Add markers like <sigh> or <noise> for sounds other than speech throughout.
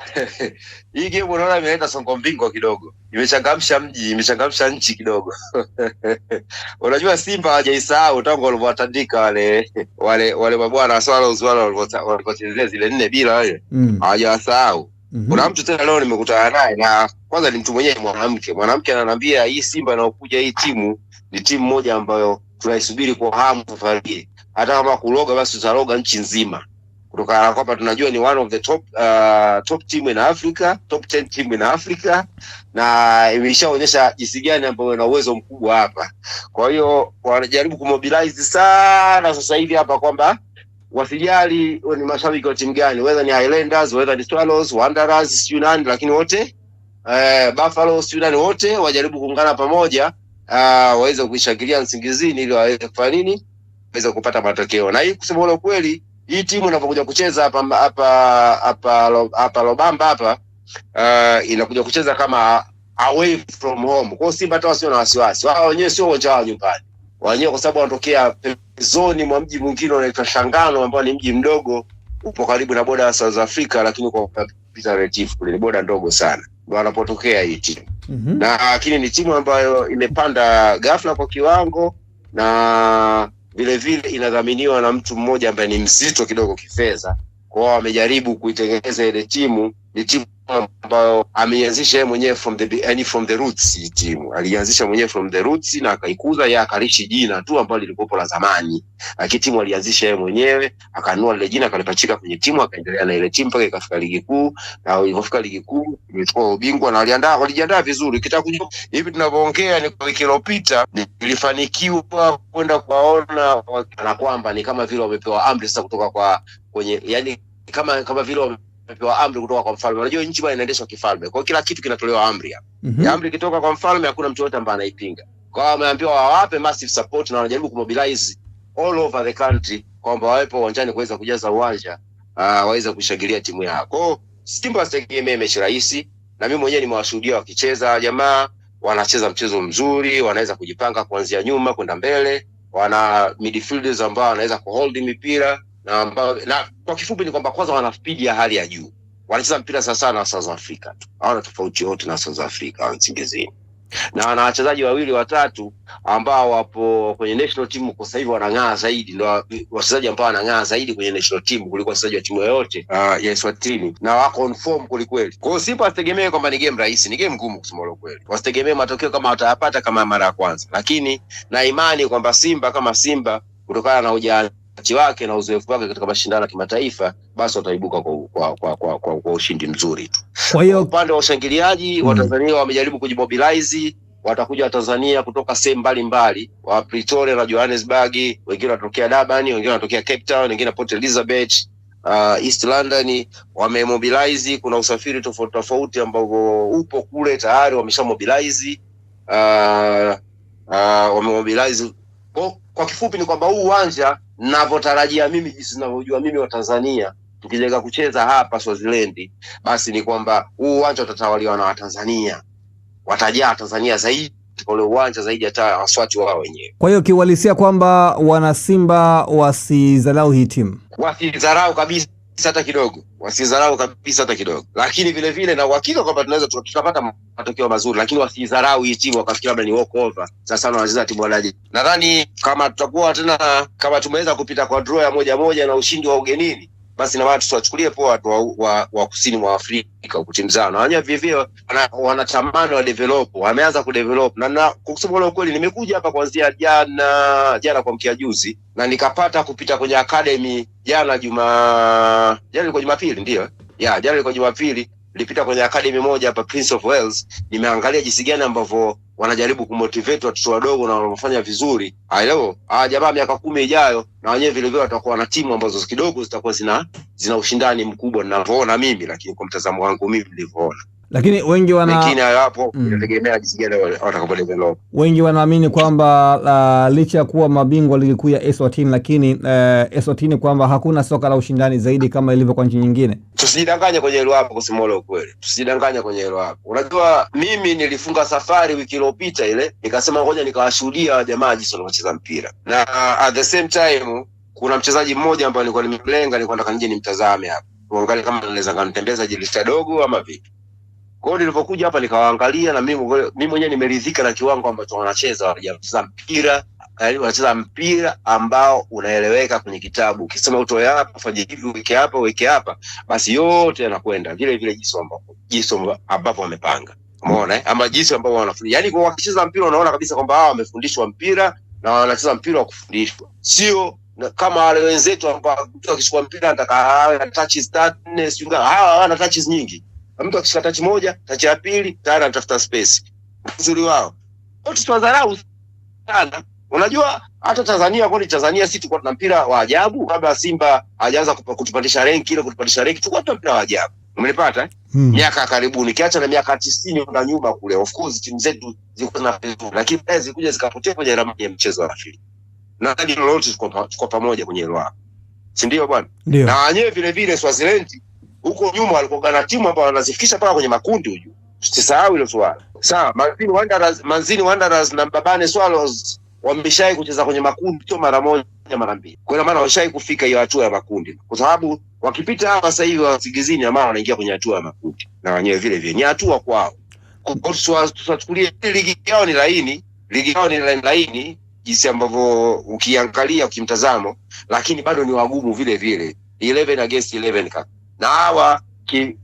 <laughs> hii game unaona imeleta songo mbingo kidogo, imechangamsha mji, imechangamsha nchi kidogo. <laughs> Unajua Simba hawajaisahau tangu walivyowatandika wale wale wale mabwana swala uzwala walivyochezea zile nne bila wale mm. hawajawasahau. Mm -hmm. Kuna mtu tena leo nimekutana naye, na kwanza ni mtu mwenyewe mwanamke. Mwanamke ananiambia hii Simba inayokuja hii timu ni timu moja ambayo tunaisubiri kwa hamu safari hata kama kuloga basi tutaloga nchi nzima kutokana na kwamba tunajua ni one of the top uh, top team in Africa, top 10 team in Africa na imeshaonyesha jinsi gani ambayo ina uwezo mkubwa hapa. Kwa hiyo wanajaribu kumobilize sana sasa hivi hapa kwamba wasijali ni mashabiki wa timu gani, whether ni Highlanders, whether ni Swallows, Wanderers, sijui nani, lakini wote eh, Buffalo sijui nani, wote wajaribu kuungana pamoja uh, waweze kuishangilia Nsingizini ili waweze kufanya nini, waweze kupata matokeo na hii kusema ule kweli hii timu inapokuja kucheza hapa hapa hapa hapa Lobamba hapa uh, inakuja kucheza kama away from home. Kwa hiyo Simba hata wasio na wasiwasi, wao wenyewe sio uwanja wao nyumbani wenyewe, kwa sababu wanatokea pembezoni mwa mji mwingine unaitwa Shangano ambao ni mji mdogo upo karibu na boda ya South Africa, lakini kwa kupita Retief kule ni boda ndogo sana wanapotokea hii timu mm -hmm. na lakini ni timu ambayo imepanda ghafla kwa kiwango na vile vile inadhaminiwa na mtu mmoja ambaye ni mzito kidogo kifedha. Kwa hiyo wamejaribu kuitengeneza ile timu, ni timu ambayo ameianzisha yeye mwenyewe from the yani from the roots. Hii timu alianzisha mwenyewe from the roots na akaikuza yeye, akarishi jina tu ambalo lilikuwa la zamani, lakini timu alianzisha yeye mwenyewe, akanua lile jina, akalipachika kwenye timu, akaendelea na ile timu mpaka ikafika ligi kuu, na ilipofika ligi kuu imechukua ubingwa, na waliandaa walijiandaa vizuri. Kitakuja hivi tunavyoongea, ni kwa wiki iliyopita nilifanikiwa kwenda kwa kwamba ni kama vile wamepewa amri sasa kutoka kwa kwenye yani kama kama vile wamepewa amri kutoka kwa mfalme. Unajua nchi bwana inaendeshwa kifalme, kwa kila kitu kinatolewa amri hapa mm -hmm. amri kitoka kwa mfalme, hakuna mtu yote ambaye anaipinga. Kwa hiyo wameambiwa wawape massive support na wanajaribu kumobilize all over the country kwamba wawepo uwanjani kuweza kujaza uwanja uh, waweze kushangilia timu yao. Kwa hiyo Simba wasitegemee mechi rahisi, na mimi mwenyewe nimewashuhudia wakicheza, jamaa wanacheza mchezo mzuri, wanaweza kujipanga kuanzia nyuma kwenda mbele wana midfielders ambao wanaweza kuhold mipira na, amba, na kwa kifupi ni kwamba kwanza wana spidi ya hali ya juu, wanacheza mpira sawasawa na South Africa tu, hawana tofauti yote na South Africa singizini na wana wachezaji wawili watatu ambao wapo kwenye national team kwa sasa hivi wanang'aa zaidi, ndio wachezaji ambao wanang'aa zaidi kwenye national team kuliko wachezaji wa timu yoyote uh, ya Eswatini na wako on form kwelikweli. Kwa hiyo Simba wasitegemee kwamba ni game rahisi, ni game ngumu kusema ule kweli, wasitegemee matokeo kama watayapata kama mara ya kwanza, lakini na imani kwamba Simba kama Simba kutokana na ujana wakati wake na uzoefu wake katika mashindano ya kimataifa, basi wataibuka kwa, kwa, kwa, kwa, kwa, kwa ushindi mzuri tu. Kwa hiyo upande wa ushangiliaji mm, Watanzania wamejaribu kujimobilize. Watakuja Watanzania kutoka sehemu mbalimbali, wa Pretoria na Johannesburg, wengine wanatokea Durban, wengine wanatokea Cape Town, wengine Port Elizabeth, uh, East London wamemobilize. Kuna usafiri tofauti tofauti ambao upo kule tayari wameshamobilize, uh, uh, wamemobilize. Kwa, kwa kifupi ni kwamba huu uwanja navyotarajia mimi, jinsi ninavyojua mimi wa tanzania tukijenga kucheza hapa Swaziland, basi ni kwamba huu uwanja utatawaliwa na Watanzania, watajaa Tanzania zaidi ule uwanja zaidi hata Waswati wao wenyewe. Kwa hiyo kiuhalisia kwamba wanasimba wasizarau hii timu, wasidharau kabisa hata kidogo, wasidharau kabisa hata kidogo, lakini vile vile na uhakika kwamba tunaweza tutapata matokeo mazuri, lakini wasidharau hii timu wakafikiri labda ni walk over. Sasa wanacheza timu wanaje. Nadhani kama tutakuwa tena kama tumeweza kupita kwa draw ya moja moja na ushindi wa ugenini basi na watu tuwachukulie poa watu wa, wa, wa kusini mwa Afrika huku timu zao, na wenyewe vivyo wanatamani wa develop, wameanza ku develop na, na kusema ule ukweli, nimekuja hapa kuanzia jana jana kwa mkia juzi, na nikapata kupita kwenye academy jana juma jana ilikuwa Jumapili, ndio ya jana ilikuwa Jumapili nilipita kwenye academy moja hapa Prince of Wales, nimeangalia jinsi gani ambavyo wanajaribu kumotivate watoto wadogo na wanaofanya vizuri. Haelewa ah, jamaa miaka kumi ijayo na wenyewe vile vile watakuwa na timu ambazo kidogo zitakuwa zina zina ushindani mkubwa ninavyoona mimi, lakini kwa mtazamo wangu mimi nilivyoona lakini wengi wana mm. wengi wanaamini kwamba uh, licha ya kuwa mabingwa ligi kuu ya Eswatini, lakini uh, Eswatini kwamba hakuna soka la ushindani zaidi kama ilivyo kwa nchi nyingine. Tusijidanganye kwenye hilo hapo, kusema ule ukweli, tusijidanganye kwenye hilo hapo. Unajua, mimi nilifunga safari wiki iliyopita ile, nikasema ngoja nikawashuhudia wajamaa jinsi wanavyocheza mpira na at the same time kuna mchezaji mmoja ambaye nilikuwa nimemlenga, nilikuwa nataka nije nimtazame hapo uangalie kama naweza kanitembeza jilisha dogo ama vipi kwao hiyo nilivyokuja hapa nikawaangalia, na mimi mwenyewe nimeridhika na kiwango ambacho wanacheza, wanacheza mpira yaani wanacheza mpira ambao unaeleweka kwenye kitabu. Ukisema utoe hapa, fanye hivi, weke hapa, weke hapa, basi yote yanakwenda vile vile, jinsi ambapo jinsi ambapo wamepanga, umeona eh, ama jinsi ambao wanafundisha. yani kwa wakicheza mpira, unaona kabisa kwamba hawa wamefundishwa mpira na wanacheza mpira wa kufundishwa, sio kama wale wenzetu ambao mtu akichukua mpira anataka awe na touches tatu nne, sio hawa hawana touches nyingi mtu akishika tachi moja, tachi ya pili tayari anatafuta space. Uzuri wao wote tuwadharau sana. Unajua hata Tanzania kwani Tanzania sisi tulikuwa tuna mpira wa ajabu kabla Simba hajaanza kutupandisha renki ile kutupandisha renki, tulikuwa tuna mpira wa ajabu umenipata eh? Hmm. Miaka ya karibuni kiacha na miaka 90 na nyuma kule, of course timu zetu zilikuwa na pesa, lakini pesa zilikuja zikapotea kwenye ramani ya mchezo wa Afrika na hadi lolote tuko pamoja kwenye roho, si ndio bwana? Na wenyewe vile vile Swaziland huko nyuma walikuwa na timu ambao wanazifikisha mpaka kwenye makundi huju, usisahau hilo swala. Sawa, Manzini Wanderers, Manzini Wanderers na Mbabane Swallows wameshai kucheza kwenye makundi sio mara moja, mara mbili. Kwa hiyo maana washai kufika hiyo hatua ya makundi, kwa sababu wakipita hapa sasa hivi wasigizini, na maana wanaingia kwenye hatua ya makundi na wenyewe vile vile ni hatua kwao. Tusachukulie ligi yao ni laini, ligi yao ni laini jinsi ambavyo ukiangalia ukimtazamo, lakini bado ni wagumu vile vile, 11 against 11 kaka na hawa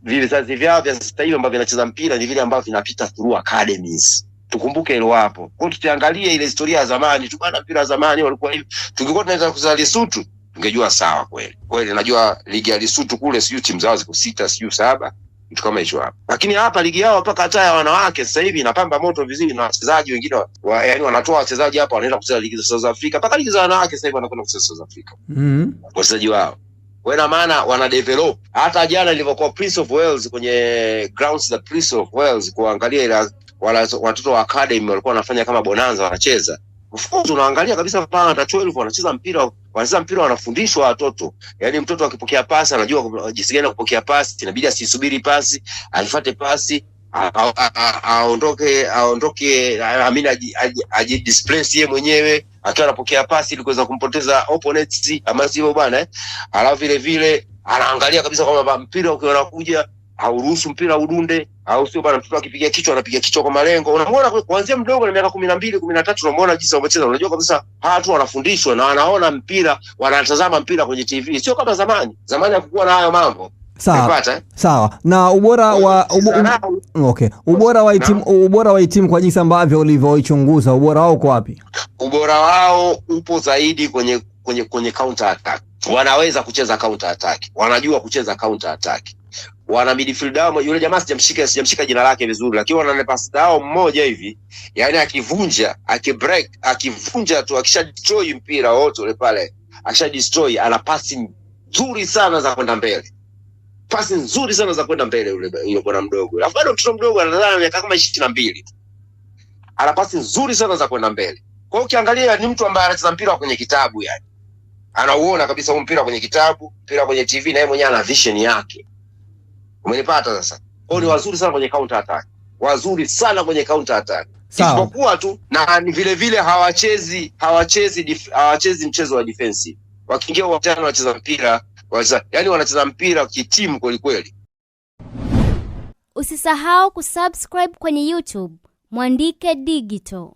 vizazi vyao vya sasa hivi ambavyo vinacheza mpira ni vile ambavyo vinapita through academies. Tukumbuke hilo hapo. Kwa tukiangalia ile historia ya zamani tu, bwana, mpira wa zamani walikuwa hivi. Tungekuwa tunaweza kuzaa Lesotho, tungejua sawa kweli kweli. Najua ligi ya Lesotho kule, siyo timu zao ziko sita, siyo saba, kitu kama hicho hapo. Lakini hapa ligi yao mpaka hata ya wanawake sasa hivi inapamba moto vizuri, na wachezaji wengine wa, yaani wanatoa wachezaji hapa wanaenda kucheza ligi za South Africa, mpaka ligi za wanawake sasa hivi wanakwenda kucheza South Africa, mm-hmm. wachezaji wao Wana maana wana develop. Hata jana nilivyokuwa Prince of Wales kwenye grounds za Prince of Wales kuangalia ila watoto wa academy walikuwa wanafanya kama bonanza wanacheza. Of course unaangalia kabisa pale hata 12 wanacheza mpira, wanacheza mpira wanafundishwa watoto. Yaani mtoto akipokea pasi anajua jinsi gani kupokea pasi, inabidi asisubiri pasi, aifuate pasi, aondoke aondoke, amina displace yeye mwenyewe akiwa anapokea pasi ili kuweza kumpoteza opponents, ama sivyo bwana eh? Alafu vile vile anaangalia kabisa kwamba mpira ukiwa unakuja hauruhusu mpira udunde, au sio bwana? Mtoto akipiga kichwa anapiga kichwa kwa malengo. Unamwona kuanzia mdogo na miaka kumi na mbili kumi na tatu unamwona jinsi wanacheza, unajua kabisa watu wanafundishwa na wanaona mpira, wanatazama mpira kwenye TV, sio kama zamani. Zamani hakukuwa na hayo mambo. Sawa. Sawa. Na ubora wa ubo, ubo, okay. Ubora wa itim, ubora wa itimu kwa jinsi ambavyo ulivyoichunguza, ubora wao uko wapi? Ubora wao upo zaidi kwenye kwenye kwenye counter attack. Wanaweza kucheza counter attack. Wanajua kucheza counter attack. Wana midfield wao, yule jamaa sijamshika sijamshika jina lake vizuri, lakini wana pass yao mmoja hivi, yani akivunja, akibreak, akivunja tu akisha destroy mpira wote ule pale, akisha destroy ana passing nzuri sana za kwenda mbele pasi nzuri sana za kwenda mbele yule yule bwana mdogo. Alafu bado mtoto mdogo anadhani miaka kama 22 tu. Ana pasi nzuri sana za kwenda mbele. Kwa hiyo ukiangalia ni mtu ambaye anacheza mpira kwenye kitabu yani. Anauona kabisa huu mpira kwenye kitabu, mpira kwenye TV na yeye mwenyewe ana vision yake. Umenipata sasa? Kwa hiyo ni wazuri sana kwenye counter attack. Wazuri sana kwenye counter attack. Isipokuwa tu na ni vile vile hawachezi hawachezi hawachezi mchezo wa defensive. Wakiingia uwanjani wacheza mpira Waza, yani wanacheza mpira kitimu kwelikweli. Usisahau kusubscribe kwenye YouTube Mwandike Digital.